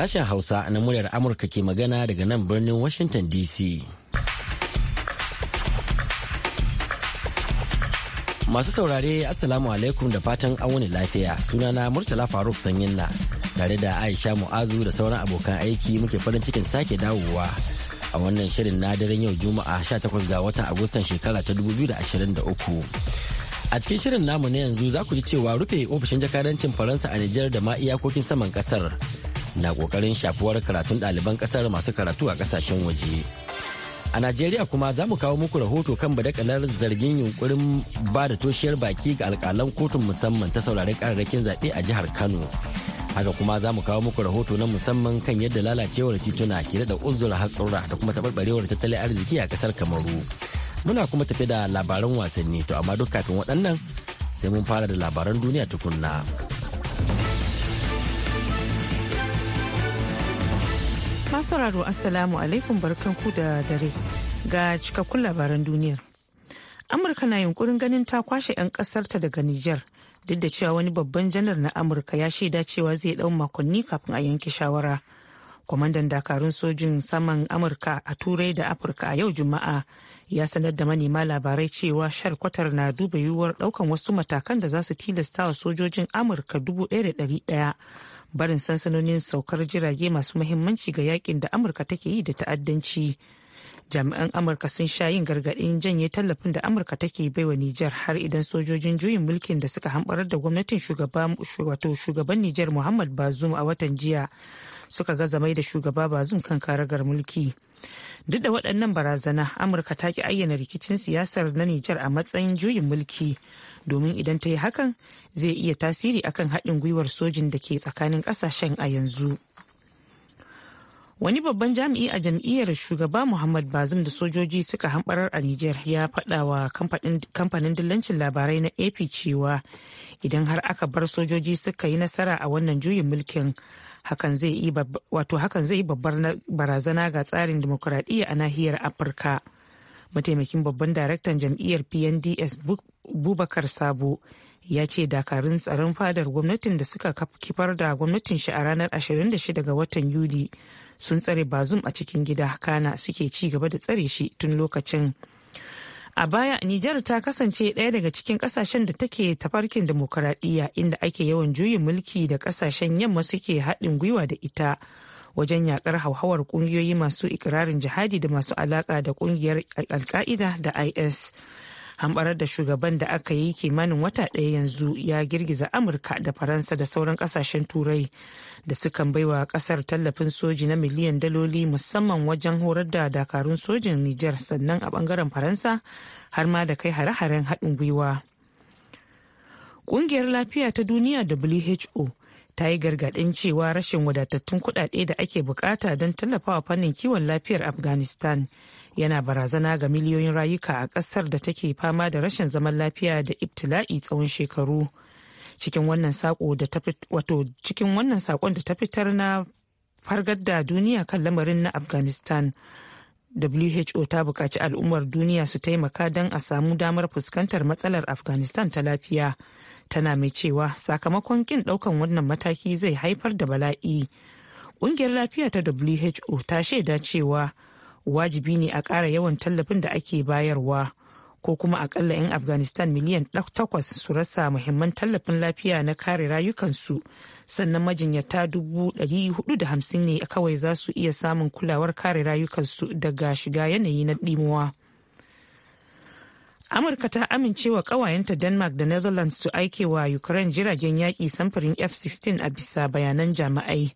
Sashen Hausa na muryar Amurka ke magana daga nan birnin Washington DC. Masu saurare Assalamu alaikum da fatan wani lafiya sunana Murtala Faruk Sanyinna tare da Aisha Mu'azu da sauran abokan aiki muke farin cikin sake dawowa a wannan shirin na daren yau Juma'a 18 ga watan Agustan shekara ta 2023. A cikin shirin namu na yanzu za ku ji cewa rufe ofishin jakadancin Faransa a Nijar da ma iyakokin saman kasar na kokarin shafuwar karatun ɗaliban ƙasar masu karatu a ƙasashen waje. A Najeriya kuma za mu kawo muku rahoto kan badakalar zargin yunkurin ba da toshiyar baki ga alkalan kotun musamman ta saurarin ƙararrakin zaɓe a jihar Kano. Haka kuma za mu kawo muku rahoto na musamman kan yadda lalacewar tituna ke da uzura hatsura da kuma taɓarɓarewar tattalin arziki a ƙasar Kamaru. Muna kuma tafi da labaran wasanni to amma duk kafin waɗannan sai mun fara da labaran duniya tukunna. Masu Assalamu alaikum barkanku da dare ga cikakkun labaran duniyar. Amurka na yunkurin ganin ta kwashe 'yan kasarta daga Nijar duk da cewa wani babban janar na Amurka ya shaida cewa zai dau makonni kafin a yanke shawara. Kwamandan dakarun sojin saman Amurka a Turai da Afirka a yau Juma'a ya sanar da manema labarai cewa sharkwatar na duba yiwuwar daukan wasu matakan da za su tilasta wa sojojin Amurka dubu ɗaya da ɗari ɗaya barin sansanonin saukar jirage masu mahimmanci ga yakin da amurka take yi da ta'addanci jami'an amurka sun sha yin gargaɗin janye tallafin da amurka take bai wa nijar har idan sojojin juyin mulkin da suka hamɓarar da gwamnatin shugaban nijar muhammad bazum a watan jiya suka gaza mai da shugaba bazum kan karagar mulki duk da waɗannan barazana amurka ta ki ayyana rikicin siyasar na nijar a matsayin juyin mulki domin idan ta yi hakan zai iya tasiri akan haɗin gwiwar sojin da ke tsakanin ƙasashen a yanzu. wani babban jami'i a jam'iyyar shugaba muhammad bazum da sojoji suka hambarar a nijar ya faɗa wa kamfanin dillancin labarai na ap cewa idan har aka bar sojoji suka yi nasara a wannan juyin mulkin hakan zai yi babbar barazana ga tsarin demokuraɗiyya a nahiyar afirka mataimakin babban daraktan jam'iyyar pnds bubakar sabo ya ce dakarun tsaron fadar gwamnatin da suka kifar da gwamnatin shi a ranar 26 ga watan yuli sun tsare bazum a cikin gida kana suke ci gaba da tsare shi tun lokacin a baya nijar ta kasance ɗaya daga cikin kasashen da take tafarkin demokaradiyya inda ake yawan juyin mulki da kasashen yamma suke haɗin gwiwa da ita wajen yakar hauhawar kungiyoyi masu ikirarin jihadi da masu alaka da kungiyar alka'ida da is an barar da shugaban da aka yi kimanin wata ɗaya yanzu ya girgiza amurka da faransa da sauran ƙasashen turai da sukan baiwa ƙasar tallafin soji na miliyan daloli musamman wajen horar da dakarun sojin nijar sannan a ɓangaren faransa har ma da kai hare-haren haɗin gwiwa ƙungiyar lafiya ta duniya who ta yi gargaɗin cewa rashin wadatattun kuɗaɗe da ake bukata don tallafawa fannin kiwon lafiyar afghanistan yana barazana ga miliyoyin rayuka a ƙasar da take fama da rashin zaman lafiya da ibtila'i tsawon shekaru cikin wannan saƙon da ta fitar na fargar da duniya kan lamarin na afghanistan who ta buƙaci al'ummar duniya su taimaka don a samu damar fuskantar matsalar afghanistan ta lafiya tana mai cewa sakamakon kin ɗaukan wannan mataki zai haifar da bala'i ƙungiyar lafiya ta who ta shaida cewa wajibi ne a ƙara yawan tallafin da ake bayarwa ko kuma akalla 'yan afghanistan miliyan takwas su rasa muhimman tallafin lafiya na kare rayukansu sannan majinyata dubu da hamsin ne kawai za su iya samun kulawar kare rayukansu daga shiga yanayi na ɗimuwa. amurka ta amincewa kawayenta denmark da netherlands su aike wa ukraine jiragen yaƙi samfurin f-16 a bisa bayanan jami'ai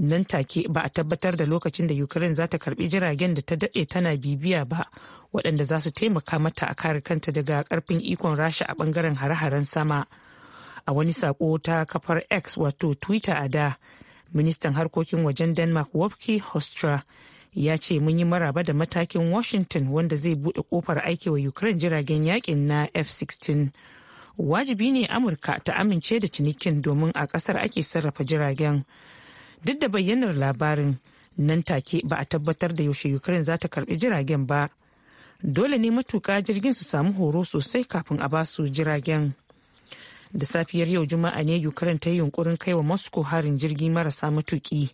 nan take ba a tabbatar da lokacin da ukraine za ta karbi jiragen da ta dade tana bibiya ba waɗanda za su taimaka mata a kare kanta daga karfin ikon rasha a ɓangaren hare-haren sama a wani sako ta kafar x wato twitter a da ministan harkokin wajen denmark wofke hostra ya ce mun yi maraba da matakin washington wanda zai buɗe kofar wa ukraine jiragen yakin na f-16 wajibi ne amurka ta amince da cinikin domin a ƙasar ake sarrafa jiragen duk da bayyanar labarin nan take ba a tabbatar da yaushe ukraine za ta karbi jiragen ba dole ne matuka jirgin su samu horo sosai kafin a ba su jiragen da safiyar yau juma'a ne ukraine ta yi yunkurin kai wa moscow harin jirgi marasa matuki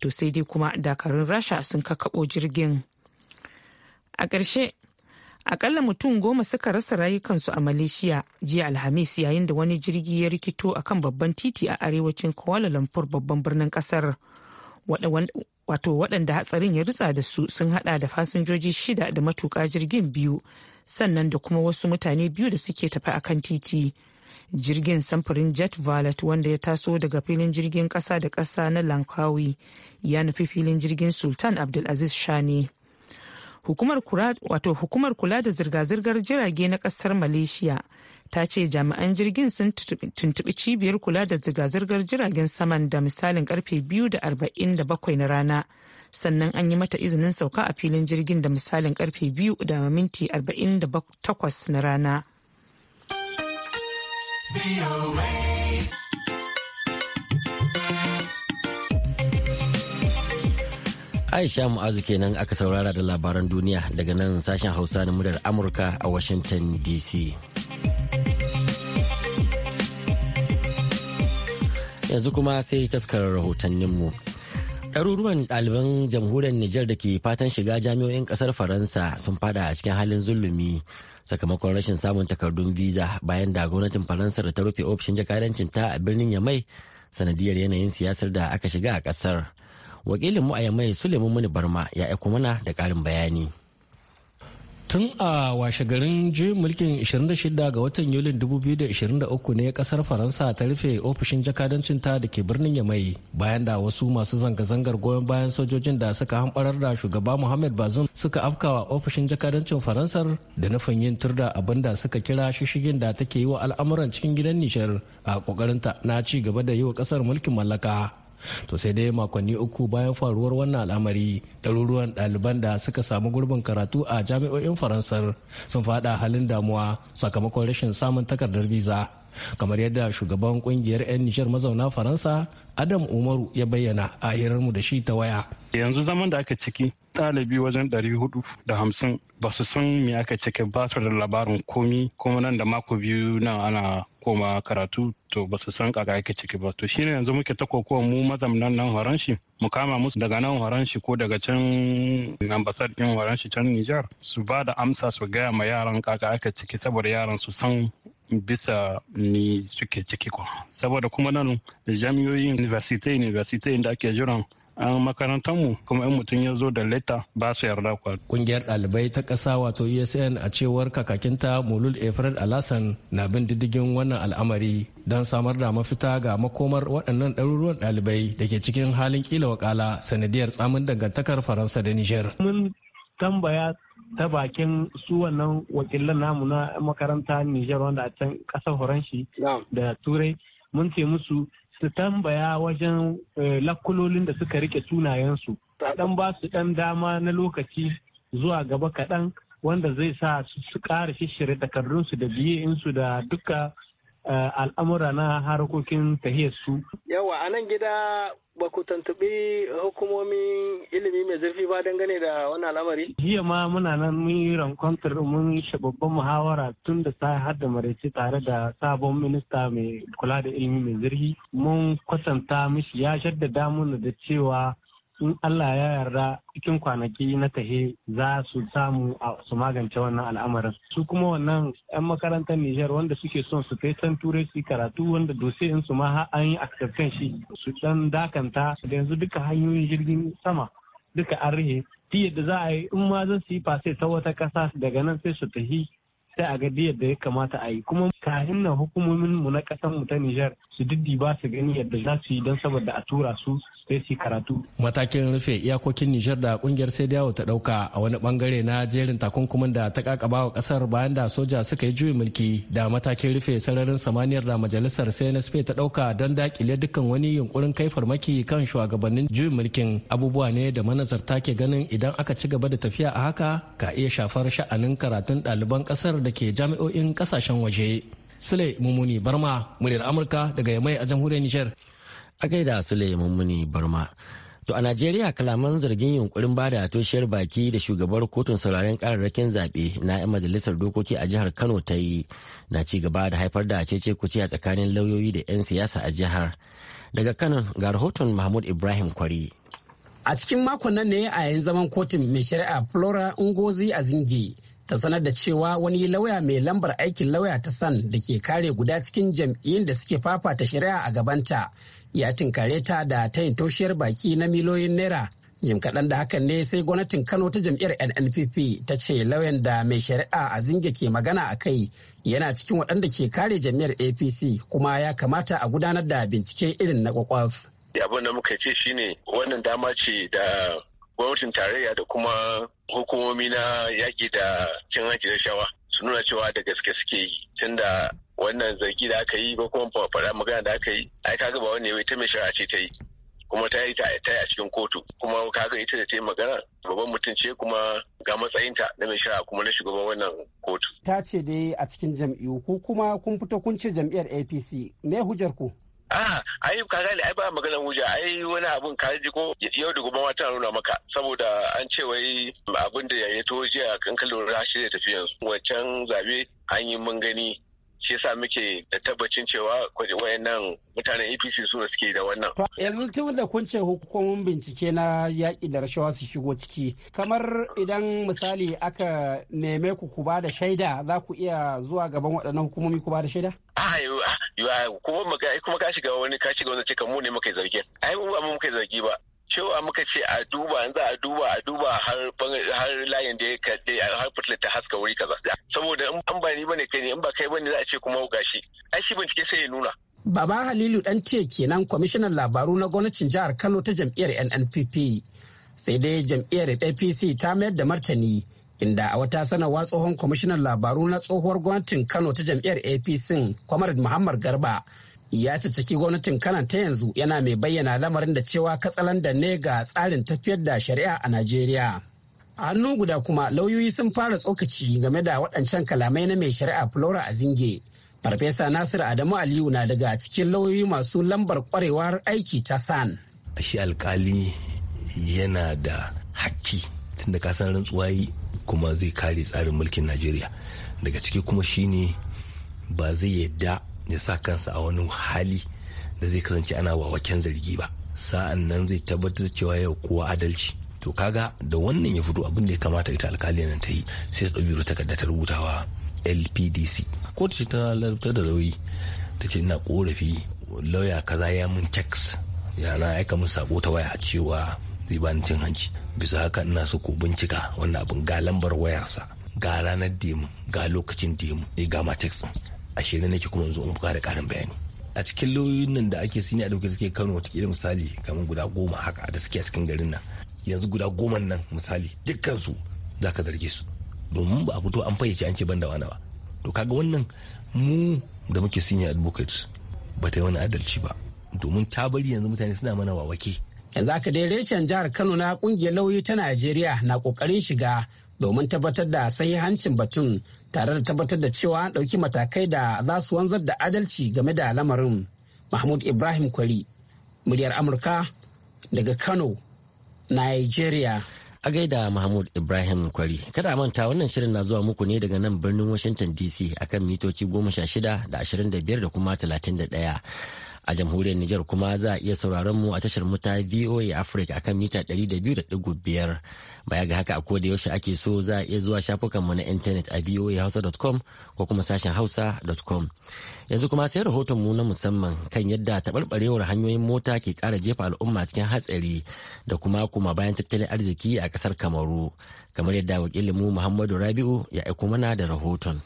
to sai dai kuma dakarun rasha sun kakabo jirgin a ƙarshe akalla mutum goma suka rasa rayukansu a malaysia jiya alhamis yayin da wani jirgi ya rikito akan babban titi a arewacin kuala lumpur babban birnin kasar wato waɗanda hatsarin ya ritsa da su sun hada da fasinjoji shida da matuƙa jirgin biyu sannan da kuma wasu mutane biyu da suke tafi akan titi jirgin samfurin jet valet wanda ya taso daga filin jirgin ƙasa da ƙasa na lankawi ya nufi filin jirgin sultan abdulaziz shani hukumar kula da zirga-zirgar jirage na kasar malaysia ta ce jami'an jirgin sun tuntubi cibiyar kula da zirga-zirgar jiragen saman da misalin karfe biyu na rana sannan an yi mata izinin sauka a filin jirgin da misalin karfe biyu na rana. Aisha Mu'azu kenan aka saurara da labaran duniya daga nan sashen Hausa na muryar Amurka a Washington DC. Yanzu kuma sai taskarar rahotanninmu. Ɗaruruwan ɗaliban jamhuriyar Nijar da ke fatan shiga jami'o'in ƙasar Faransa sun fada a cikin halin zulumi sakamakon rashin samun takardun visa bayan da gwamnatin Faransa da ta rufe ofishin jakadancin ta a birnin Yamai sanadiyar yanayin siyasar da aka shiga a ƙasar. wakilin mu a yamai suleiman muni barma ya aiko mana da karin bayani tun a washe garin juyin mulkin 26 ga watan yulin 2023 ne kasar faransa ta rufe ofishin jakadancin ta da ke birnin yamai bayan da wasu masu zanga-zangar goyon bayan sojojin da suka hamɓarar da shugaba muhammad bazoum suka afkawa ofishin jakadancin faransar da nufin yin turda abin da suka kira shishigin da take yi wa al'amuran cikin gidan nishar a kokarinta na ci gaba da yi wa kasar mulkin mallaka to sai dai makonni uku bayan faruwar wannan al'amari ɗaruruwan ɗaliban da suka samu gurbin karatu a jami'o'in faransar sun fada halin damuwa sakamakon rashin samun takardar biza kamar yadda shugaban kungiyar 'yan nijar mazauna faransa adam umaru ya bayyana a hirarmu da shi ta waya yanzu zaman da aka ciki ɗalibi wajen ɗari da hamsin ba su san me aka cike ba su da labarin komi kuma nan da mako biyu nan ana koma karatu to ba su san kaga yake ciki ba to shine yanzu muke ta kokowa mu mazamnan nan Horanshi mu kama musu daga nan Horanshi ko daga can ambasad din Horanshi can Nijar su ba da amsa su gaya ma yaran kaga aka ciki saboda yaran su san bisa ni suke ciki ko saboda kuma nan jami'oyin university university da ake jiran an makarantarmu kuma in mutum ya zo da leta ba su yarda kwa. Kungiyar ɗalibai ta ƙasa wato USN e a cewar kakakinta Mulul Efred Alasan na bin diddigin wannan al'amari don samar da mafita ga makomar waɗannan ɗaruruwan ɗalibai da ke cikin halin kila wakala sanadiyar tsamin dangantakar Faransa da Nijar. Mun tambaya ta bakin su wannan wakilan namu na makaranta Nijar wanda a can ƙasar Faranshi da Turai mun ce musu su tambaya wajen eh, lakulolin da suka rike sunayensu dan ba su dan dama na lokaci zuwa gaba kaɗan wanda zai sa su ƙara shishire takardunsu da biye insu da duka al'amura na harkokin tahiyar su. Yawa a nan gida ba ku tantubi hukumomin ilimi mai zurfi ba dangane da wannan al'amari? Jiya ma muna nan mun yi rankwantar mun shi babban muhawara tun da sa har da maraice tare da sabon minista mai kula da ilimi mai zurfi. Mun kwatanta mishi ya shaddada mana da cewa in Allah ya yarda cikin kwanaki na tahe za su samu a su magance wannan al'amarin su kuma wannan 'yan makarantar Nijar wanda suke son su kai can turai su karatu wanda dose in su ma an yi aksarkan shi su dan dakanta da yanzu duka hanyoyin jirgin sama duka an rihe yadda za a yi in ma zan su yi fase ta wata kasa daga nan sai su tahi sai a ga yadda ya kamata a yi kuma kahin nan hukumomin mu na kasan mu ta Nijar su diddi ba su gani yadda za su yi don saboda a tura su sai su karatu. Matakin rufe iyakokin Nijar da kungiyar sai dawo ta dauka a wani bangare na jerin takunkumin da ta kakaba wa kasar bayan da soja suka yi juyin mulki da matakin rufe sararin samaniyar da majalisar CNSP ta dauka don dakile dukkan wani yunkurin kai farmaki kan shugabannin juyin mulkin abubuwa ne da manazarta ke ganin idan aka ci gaba da tafiya a haka ka iya shafar sha'anin karatun ɗaliban kasar da ke jami'o'in kasashen waje. Sule mummuni Barma, muryar Amurka daga Yamai a jamhuriyar Nijar. A gaida Sule mummuni Barma. To a Najeriya kalaman zargin yunkurin bada toshiyar baki da shugabar kotun sauraren kararrakin zaɓe na 'yan majalisar dokoki a jihar Kano ta yi na ci gaba da haifar da cece kuce a tsakanin lauyoyi da 'yan siyasa a jihar. Daga Kano ga rahoton Mahmud Ibrahim Kwari. A cikin makon nan ne a yayin zaman kotun mai shari'a Flora Ngozi zingi. ta sanar da cewa wani lauya mai lambar aikin lauya ta san da ke kare guda cikin jam'iyyun da suke fafata shari'a a gabanta ya tinkare ta da tayin toshiyar baki na miliyoyin naira jim kaɗan da hakan ne sai gwamnatin kano ta jam'iyyar nnpp ta ce lauyan da mai shari'a a zinge ke magana a kai yana cikin waɗanda ke kare jam'iyyar apc kuma ya kamata a gudanar da bincike irin na kwakwaf abin da muka ce shine wannan dama ce da gwamnatin tarayya da kuma hukumomi na yaƙi da cin hanci da shawa su nuna cewa da gaske suke yi tun da wannan zargi da aka yi ko kuma fara magana da aka yi ai ga ba wani ne ta mai shari'a ce ta yi kuma ta yi ta a cikin kotu kuma ga ita da ta yi magana babban mutum ce kuma ga matsayinta na mai shari'a kuma na shugaban wannan kotu ta ce dai a cikin jam'iyyu ko kuma kun fito kun ce jam'iyyar APC me hujjar ku a ah, ai ka gane ai ba magana wuja ai wani abun ka ji ko yau da gobe ma nuna maka saboda an ce wai abin da ya to jiya kan ka lura shi da tafiyan wancan zabe an yi mun gani shi yasa muke da tabbacin cewa wayannan mutanen APC su suke da wannan. Yanzu tun da kun ce hukumomin bincike na yaƙi da rashawa su shigo ciki kamar idan misali aka neme ku ku ba da shaida za ku iya zuwa gaban waɗannan hukumomi ku ba da shaida? Ah, kuma kuma ka shiga wani ka shiga wani cikin mu ne muka zargi. ai mu ba mu muka zargi ba cewa muka ce a duba yanzu a duba a duba har layin da ya kaɗe har fitilar ta haska wuri kaza saboda in ba ni bane kai ne in ba kai bane za a ce kuma gashi ai shi bincike sai ya nuna Baba Halilu dan ce kenan kwamishinan labaru na gwamnatin jihar Kano ta jam'iyyar NNPP sai dai jam'iyyar APC ta mayar da martani inda a wata sanarwa tsohon kwamishinan labaru na tsohuwar gwamnatin Kano ta jam'iyyar APC Kwamar Muhammad Garba ya ciki gwamnatin kanan ta yanzu yana mai bayyana lamarin da cewa katsalandan ne ga tsarin tafiyar da shari'a a najeriya a hannu guda kuma lauyoyi sun fara tsokaci game da waɗancan kalamai na mai shari'a flora a azinge farfesa nasir adamu aliyu na daga cikin lauyoyi masu lambar kwarewar aiki ta san shi alkali yana da haƙƙi tunda ka san rantsuwa kuma zai kare tsarin mulkin najeriya daga ciki kuma shine ba zai yadda ya sa kansa a wani hali da zai kasance ana wawaken zargi ba sa'an nan zai tabbatar cewa yau kowa adalci to kaga da wannan ya fito abin da ya kamata ita alkali nan ta yi sai ta ɗauki takarda ta rubutawa lpdc ko ta ce ta larabta da lauyi ta ce ina korafi lauya kaza ya mun ya na aika mun sako ta waya cewa zai ba ni cin hanci bisa haka ina so ko bincika wannan abin ga lambar wayarsa ga ranar demu ga lokacin demu eh, ga ma a shirin nake kuma yanzu in da karin bayani a cikin lauyoyin nan da ake sini a dauke suke kano wata watakila misali kamar guda goma haka da suke a cikin garin nan yanzu guda goma nan misali dukkansu za ka zarge su domin ba a fito an fayyace an ce ban da wani ba to kaga wannan mu da muke senior advocate ba ta yi wani adalci ba domin ta bari yanzu mutane suna mana wawake yanzu aka dai reshen jihar kano na kungiyar lauyi ta najeriya na kokarin shiga domin tabbatar da hancin batun tare da tabbatar da cewa an ɗauki matakai da za su wanzar da adalci game da lamarin mahmud ibrahim kwari muryar amurka daga kano nigeria a gaida mahmud ibrahim kwari kada manta wannan shirin na zuwa muku ne daga nan birnin washington dc akan mitoci 16 da 25 da kuma 31 a jamhuriyar Nijar kuma za a iya sauraron mu a tashar muta VOA Africa akan mita 200.5 baya ga haka a koda yaushe ake so za a iya zuwa shafukan mu na intanet a voahausa.com ko kuma sashen hausa.com yanzu kuma sai rahoton mu na musamman kan yadda taɓarɓarewar hanyoyin mota ke kara jefa al'umma cikin hatsari da kuma kuma bayan tattalin arziki a ƙasar Kamaru kamar yadda mu Muhammadu Rabi'u ya aiko mana da rahoton.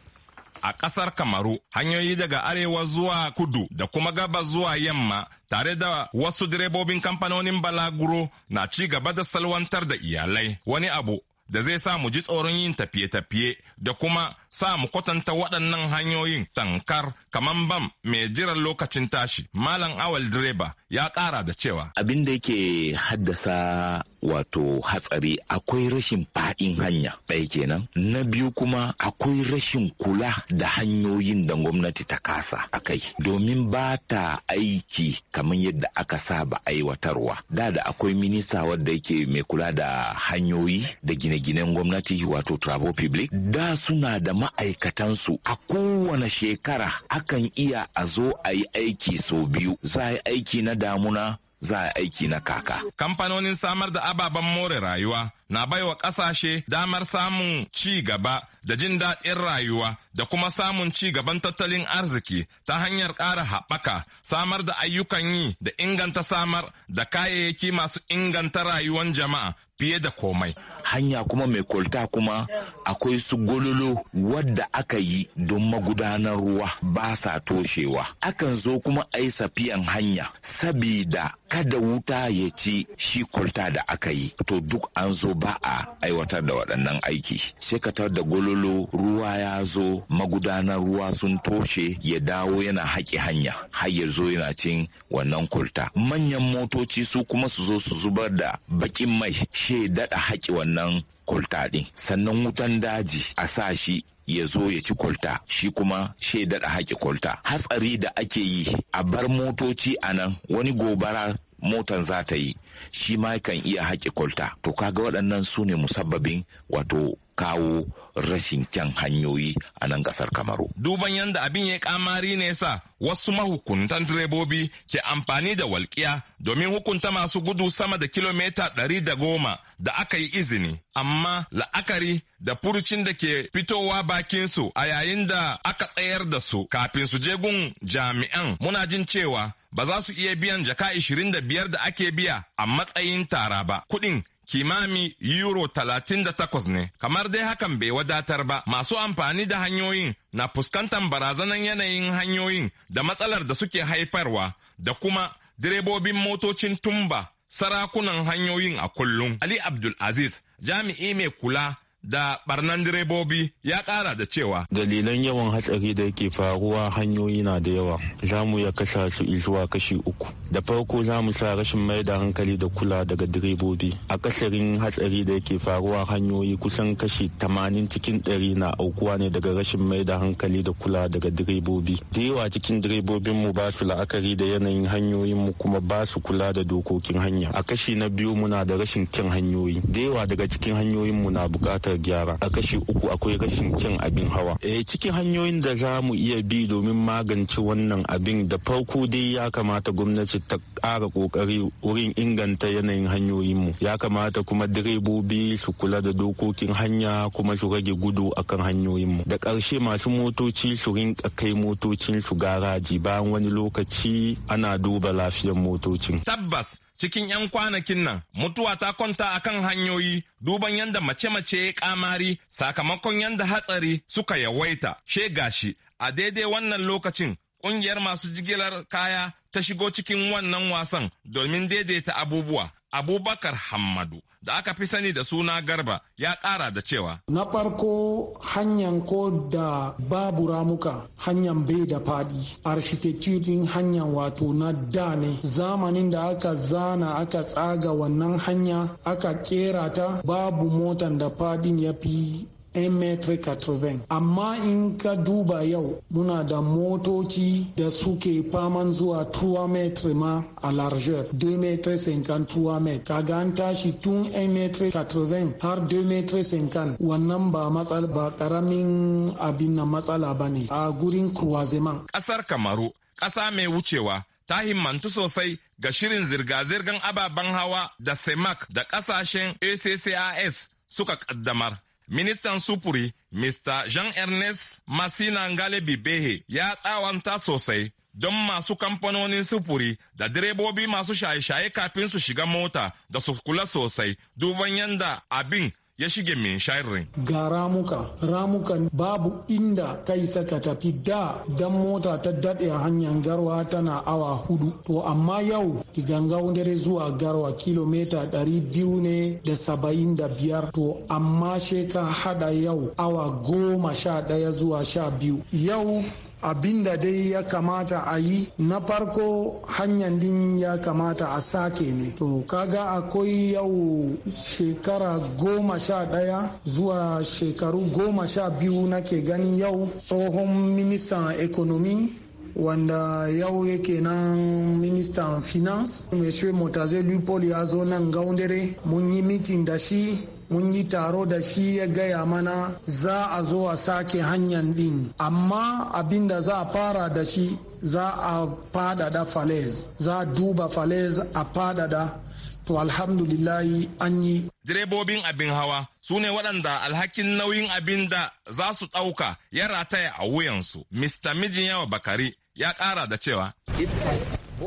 a ƙasar Kamaru, hanyoyi daga arewa zuwa kudu da kuma gabas zuwa yamma tare da wasu direbobin kamfanonin balaguro na ci gaba da salwantar da iyalai. Wani abu da zai sa mu ji tsoron yin tafiye-tafiye da kuma sa mu kwatanta waɗannan hanyoyin tankar kaman bam mai jiran lokacin tashi malam awal direba ya ƙara da cewa abin da yake haddasa wato hatsari akwai rashin faɗin hanya ɗaya kenan na biyu kuma akwai rashin kula da hanyoyin da gwamnati ta kasa a kai domin ba ta aiki kamar yadda aka saba aiwatarwa da da akwai minista wadda yake mai kula da hanyoyi da gine-ginen gwamnati wato travel public da suna da ma'aikatansu a kowane shekara akan iya a zo a yi aiki sau biyu za a yi aiki na damuna za a aiki na kaka. Kamfanonin samar da ababen more rayuwa na baiwa ƙasashe damar samun ci gaba da jin daɗin rayuwa da kuma samun ci gaban tattalin arziki ta hanyar ƙara haɓaka, samar da ayyukan yi da inganta samar da kayayyaki masu inganta rayuwar jama'a fiye da komai. Hanya kuma mai kwalta kuma akwai su gololo wadda aka yi don magudanar ruwa ba sa toshewa. Akan zo kuma a yi safiyan hanya sabida kada wuta ya ci shi kwalta da aka yi. To duk an zo ba a aiwatar da waɗannan aiki. Shekatar da gololo ruwa ya zo magudanar ruwa sun toshe ya dawo yana haƙi hanya har ya zo yana cin wannan kwalta. Manyan motoci su kuma su zo su zubar da baƙin mai shi ke daɗa haƙi wannan kwalta ɗin sannan wutan daji a sa shi ya zo ya ci kwalta shi kuma shi daɗa haƙi kwalta hatsari da ake yi a bar motoci a nan wani gobara motan za ta yi shi ma kan iya haƙi kwalta to kaga waɗannan su ne musabbabin wato kawo rashin kyan hanyoyi a nan kasar kamaru duban yadda abin ya kamari ne sa wasu mahukuntan direbobi ke amfani da walƙiya domin hukunta masu gudu sama da kilomita ɗari da goma da aka yi izini amma la'akari da furucin da ke fitowa bakinsu a yayin da aka tsayar da su kafin su je gun jami'an muna jin cewa ba za su iya biyan jaka 25 da ake biya a matsayin tara ba. Kuɗin kimami euro 38 ne. Kamar dai hakan bai wadatar ba, masu amfani da hanyoyin na fuskantar barazanar yanayin hanyoyin da matsalar da suke haifarwa da kuma direbobin motocin tumba sarakunan hanyoyin a kullum. Ali Abdulaziz, jami'i mai kula da barnan direbobi ya kara da cewa dalilan yawan hatsari da yake faruwa hanyoyi na da yawa za mu ya kasa su zuwa kashi uku da farko za mu sa rashin mai da hankali da kula daga direbobi a kasarin hatsari da yake faruwa hanyoyi kusan kashi tamanin cikin ɗari na aukuwa ne daga rashin mai da hankali da kula daga direbobi da yawa cikin direbobin mu ba su la'akari da yanayin hanyoyin mu kuma ba su kula da dokokin hanya a kashi na biyu muna da rashin kyan hanyoyi da yawa daga cikin hanyoyin mu na buƙatar ya gyara a kashi uku akwai rashin kyan abin hawa eh cikin hanyoyin da za mu iya bi domin magance wannan abin da farko dai ya kamata gwamnati ta ƙara ƙoƙari wurin inganta yanayin hanyoyinmu ya kamata kuma direbobi su kula da dokokin hanya kuma su rage gudu akan hanyoyinmu da ƙarshe masu motoci su rinka kai motocin su garaji bayan wani lokaci ana duba lafiyar motocin tabbas cikin 'yan kwanakin nan mutuwa ta kwanta a kan hanyoyi duban yadda mace-mace ya kamari sakamakon yadda hatsari suka yawaita she gashi a daidai wannan lokacin ƙungiyar masu jigilar kaya ta shigo cikin wannan wasan domin daidaita abubuwa abubakar hammadu da aka fi sani da suna garba ya ƙara da cewa. Na farko hanyar ko da babu ramuka hanyar bai da faɗi, architecture ɗin hanyar wato na da ne. Zamanin da aka zana aka tsaga wannan hanya aka ƙera ta babu motan da faɗin ya fi 1.80 amma in ka duba yau muna da motoci da suke faman zuwa 3 ma a largeur 2.53 kaga an tashi tun 1.80 har 50 wannan ba matsala ba karamin abin na matsala ba ne a gurin kurwazeman kasar kamaru kasa mai wucewa ta himmantu sosai ga shirin zirga-zirgar ababen hawa da semak da kasashen ACCIS suka kaddamar Ministan sufuri, Mr. Jean-Ernest Masina Ngalebi Behe ya tsawanta sosai don masu kamfanonin sufuri da direbobi masu shaye-shaye kafin su shiga mota da su kula sosai duban yanda abin ya shige min shayirin. Ga ramuka, ramukan babu inda kai saka tafi da dan mota ta daɗe a hanyar garwa tana awa hudu. To amma yau gangawun dare zuwa garwa kilomita ɗari biyu ne da saba'in da biyar. To amma she ka haɗa yau awa goma sha ɗaya zuwa sha biyu. Yau abinda dai ya kamata a yi na farko hanyar din ya kamata a sake ne to kaga akwai yau shekara goma sha ɗaya zuwa shekaru goma sha biyu nake gani yau tsohon ministan economy wanda yau yake nan ministan finance mai shi motazelu paul ya zo nan gaundare mun yi mitin da shi mun yi taro da shi ya gaya mana za a zo a sake hanyar din amma abin da za a fara da shi za a fadada falez za a duba falez a fadada to alhamdulillahi an yi direbobin abin hawa su ne waɗanda alhakin nauyin abin da za su ɗauka ya rataya a wuyansu mr mijin yawa bakari ya ƙara da cewa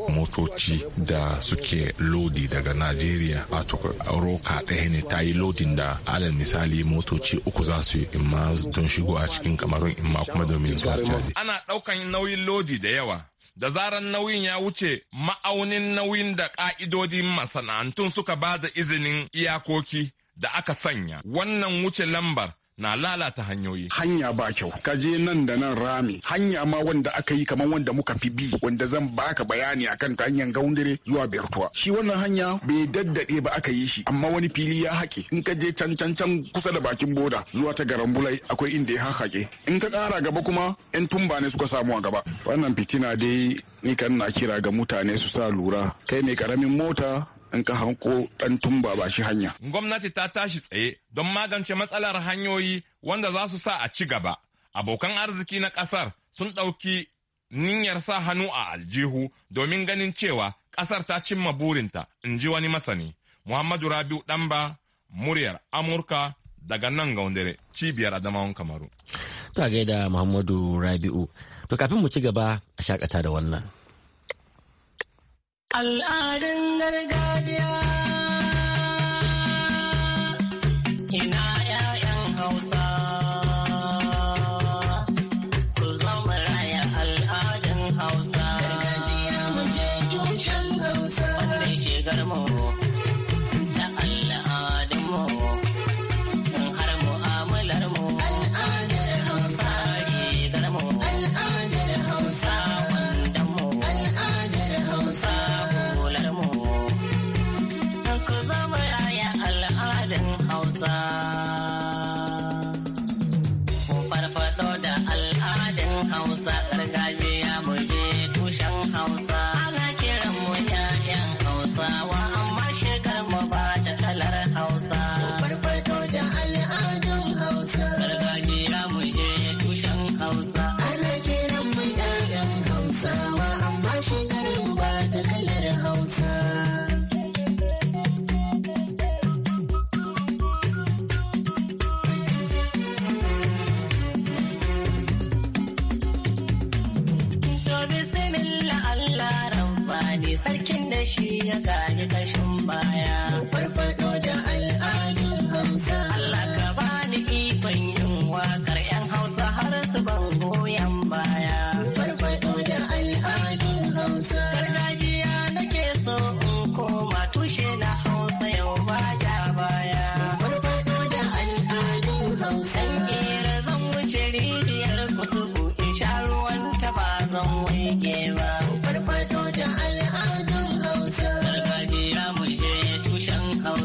motoci da suke lodi daga najeriya a roka ɗaya ne ta yi lodin da alal misali motoci uku za su yi imma don shigo a cikin kamarun imma kuma domin zuwa jari. ana ɗaukan nauyin lodi da yawa da zaran nauyin ya wuce ma'aunin nauyin da ƙa'idodin masana'antun suka ba da izinin iyakoki da aka sanya wannan wuce lambar na lalata hanyoyi. Hanya ba kyau, ka je nan da nan rami, hanya ma wanda aka yi kamar wanda muka fi bi, wanda zan baka bayani akan ta hanyar gaundire zuwa bertuwa. Shi wannan hanya bai daddade ba aka yi shi, amma wani fili ya haƙe. In ka je can can can kusa da bakin boda zuwa ta garan bulai akwai inda ya haƙe. In ka ƙara gaba kuma 'yan tumba ne suka samu a gaba. Wannan fitina dai ni kan na kira ga mutane su sa lura kai mai karamin mota in ka hanko dan tumba ba shi hanya. Gwamnati ta tashi tsaye don magance matsalar hanyoyi wanda za su sa a ci gaba. Abokan arziki na ƙasar sun ɗauki niyyar sa hannu a aljihu domin ganin cewa ƙasar ta cimma burinta, in ji wani masani. Muhammadu Rabiu Ɗanba, muryar Amurka daga nan ga wandere cibiyar Adamawan Kamaru. Ta gaida Muhammadu Rabiu. To kafin mu ci gaba a shakata da wannan. Al'adun gargajiya ina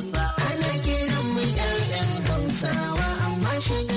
Hausa. Ana kiran mu ƴaƴan Hausawa amma shi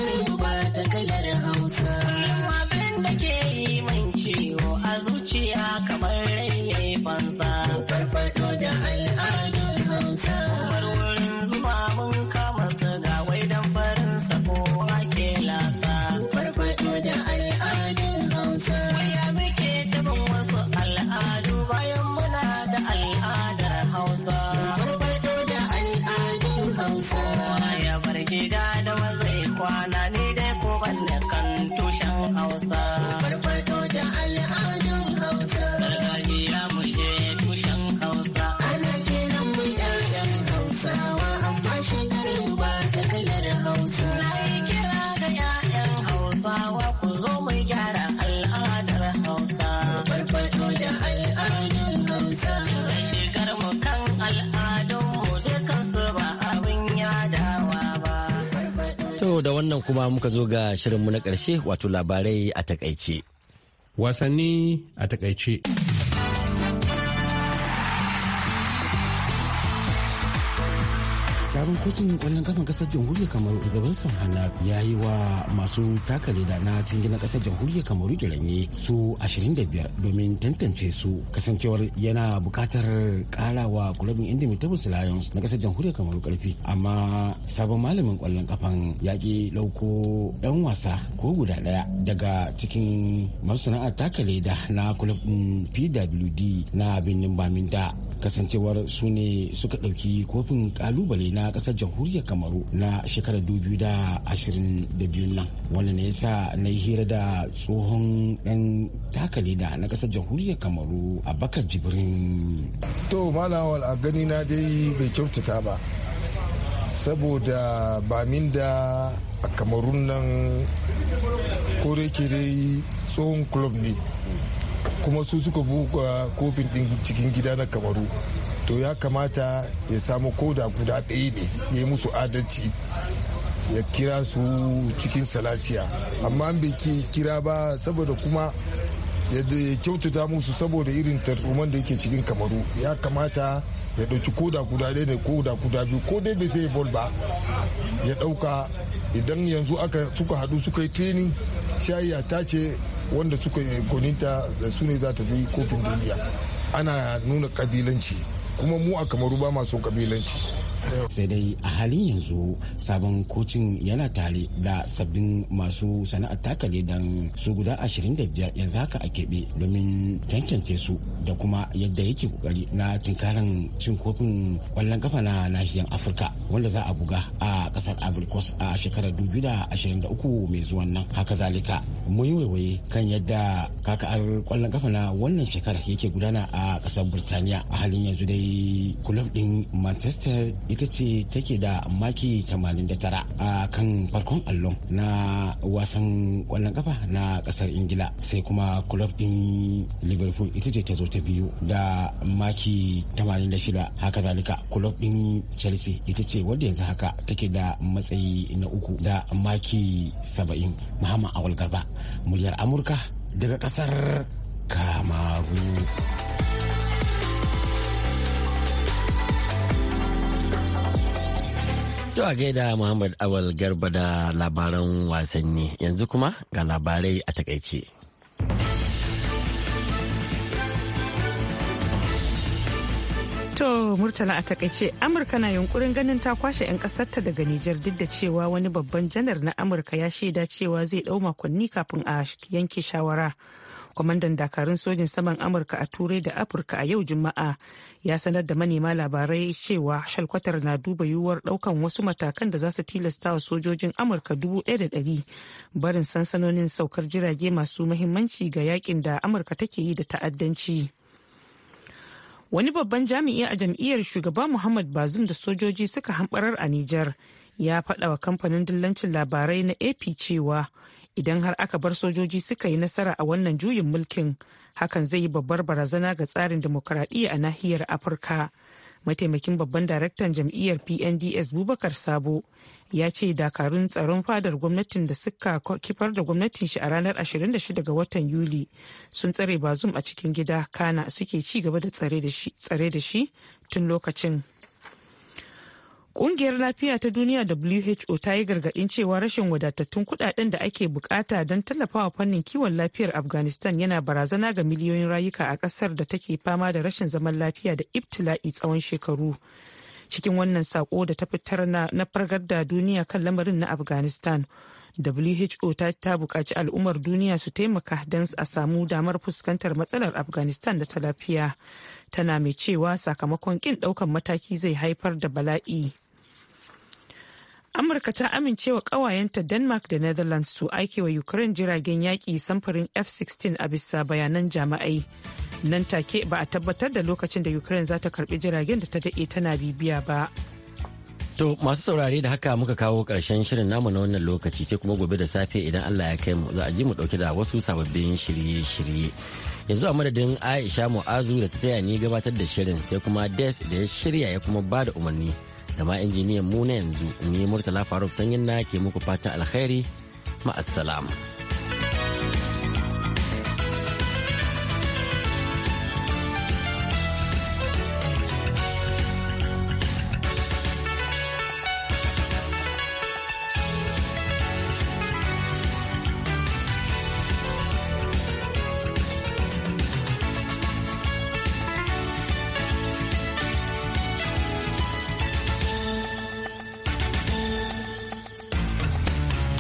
To da wannan kuma muka zo ga shirinmu na ƙarshe wato labarai a takaice. Wasanni a takaice. sabon kocin kwallon kafan kasar jamhuriyar kamaru gaban hana ya yi wa masu taka leda na cikin na kasar jamhuriyar kamaru da ranye su 25 domin tantance su kasancewar yana bukatar kara wa kulabin indomitable lions na kasar jamhuriyar kamaru karfi amma sabon malamin kwallon kafan ya ki lauko dan wasa ko guda daya daga cikin masana'ar taka leda na kulabin pwd na birnin baminta kasancewar su ne suka dauki kofin kalubale na na kasar jamhuriyar kamaru na shekarar 2022 nan wanda ne yasa na yi hira da tsohon dan takalida na kasar jamhuriyar kamaru abakar jibrin to malawal a gani na dai bai kyautata ba saboda ba min da a kamarun nan kore ke dai tsohon club ne kuma su suka buga uh, kofin din cikin gida na kamaru to ya kamata ya samu koda guda ɗaya ne ya yi musu adalci ya kira su cikin salasiya amma an bai kira ba saboda kuma ya kyautata musu saboda irin tarzoman da yake cikin kamaru ya kamata ya ɗauki koda guda ɗaya ne koda guda biyu ko dai bai sai bol ba ya ɗauka idan yanzu aka suka haɗu suka yi training shayi ya tace wanda suka gwaninta da su ne za ta fi kofin duniya ana nuna kabilanci kuma mu a kamaru ba masu kabilanci sai dai a halin yanzu sabon kocin yana tare da sabbin masu sana'ar takale don su guda 25 yanzu haka a keɓe domin tantance su da kuma yadda yake kokari na tunkarin cin kofin kwallon kafa na nahiyar afirka wanda za a buga a ƙasar abrikos a shekarar 2023 mai zuwan nan haka zalika mun yi waiwaye kan yadda kakar ƙwallon kafa na wannan shekarar yake gudana a ƙasar burtaniya a halin yanzu dai kulob din manchester ita ce take da maki 89 a kan farkon allon na wasan kwallon kafa na kasar ingila sai kuma club din liverpool ita ce ta zo ta biyu da maki 86 haka zalika club din chelsea ita ce wadda yanzu haka take da matsayi na uku da maki 70 muhammad awal garba muryar amurka daga kasar kamaru To a gaida Muhammad Awal Garba da labaran wasanni yanzu kuma ga labarai a takaice. To Murtala a takaice Amurka na yunkurin ganin ta kwashe 'yan kasarta daga Nijar duk da cewa wani babban janar na Amurka ya shaida cewa zai dau makonni kafin a yanke shawara. kwamandan dakarun sojin saman amurka a turai da afirka a yau juma'a ya sanar da manema labarai cewa shalkwatar na duba yiwuwar daukan wasu matakan da za su tilasta wa sojojin amurka dubu ɗaya da ɗari barin sansanonin saukar jirage masu mahimmanci ga yakin da amurka take yi da ta'addanci wani babban jami'i a jam'iyyar shugaba muhammad bazum da sojoji suka hamɓarar a nijar ya faɗa wa kamfanin dillancin labarai na ap cewa idan har aka bar sojoji suka yi nasara a wannan juyin mulkin hakan zai yi babbar barazana ga tsarin demokuraɗiyya a nahiyar afirka mataimakin babban daraktan jam'iyyar pnds bubakar sabo ya ce dakarun tsaron fadar gwamnatin da suka kifar da gwamnatin shi a ranar 26 ga watan yuli sun tsare bazum a cikin gida kana suke ci gaba da tsare da shi tun lokacin Ƙungiyar lafiya ta duniya WHO ta yi gargaɗin cewa rashin wadatattun kuɗaɗen da ake bukata don tallafawa fannin kiwon lafiyar Afghanistan yana barazana ga miliyoyin rayuka a ƙasar da take fama da rashin zaman lafiya da ibtila'i tsawon shekaru. Cikin wannan sako da ta fitar na fargar da duniya kan lamarin na Afghanistan. WHO ta ta buƙaci al'ummar duniya su taimaka don a samu damar fuskantar matsalar Afghanistan da ta lafiya. Tana mai cewa sakamakon ƙin ɗaukan mataki zai haifar da bala'i. amurka ta amincewa kawayenta denmark da netherlands su aike wa ukraine jiragen yaƙi samfurin f-16 a bisa bayanan jama'ai nan take ba a tabbatar da lokacin da ukraine za ta karbi jiragen da ta daɗe tana bibiya ba To masu saurare da haka muka kawo ƙarshen shirin namu na wannan lokaci sai kuma gobe da safe idan Allah ya kai mu za a ji mu ɗauki da wasu sababbin shirye-shirye. Yanzu a madadin Aisha Mu'azu da ta taya ni gabatar da shirin sai kuma Des da ya shirya ya kuma ba da umarni da injiniyan mu na yanzu ni murtala faruk sanyin na ke muku fatan alkhairi ma'assalam.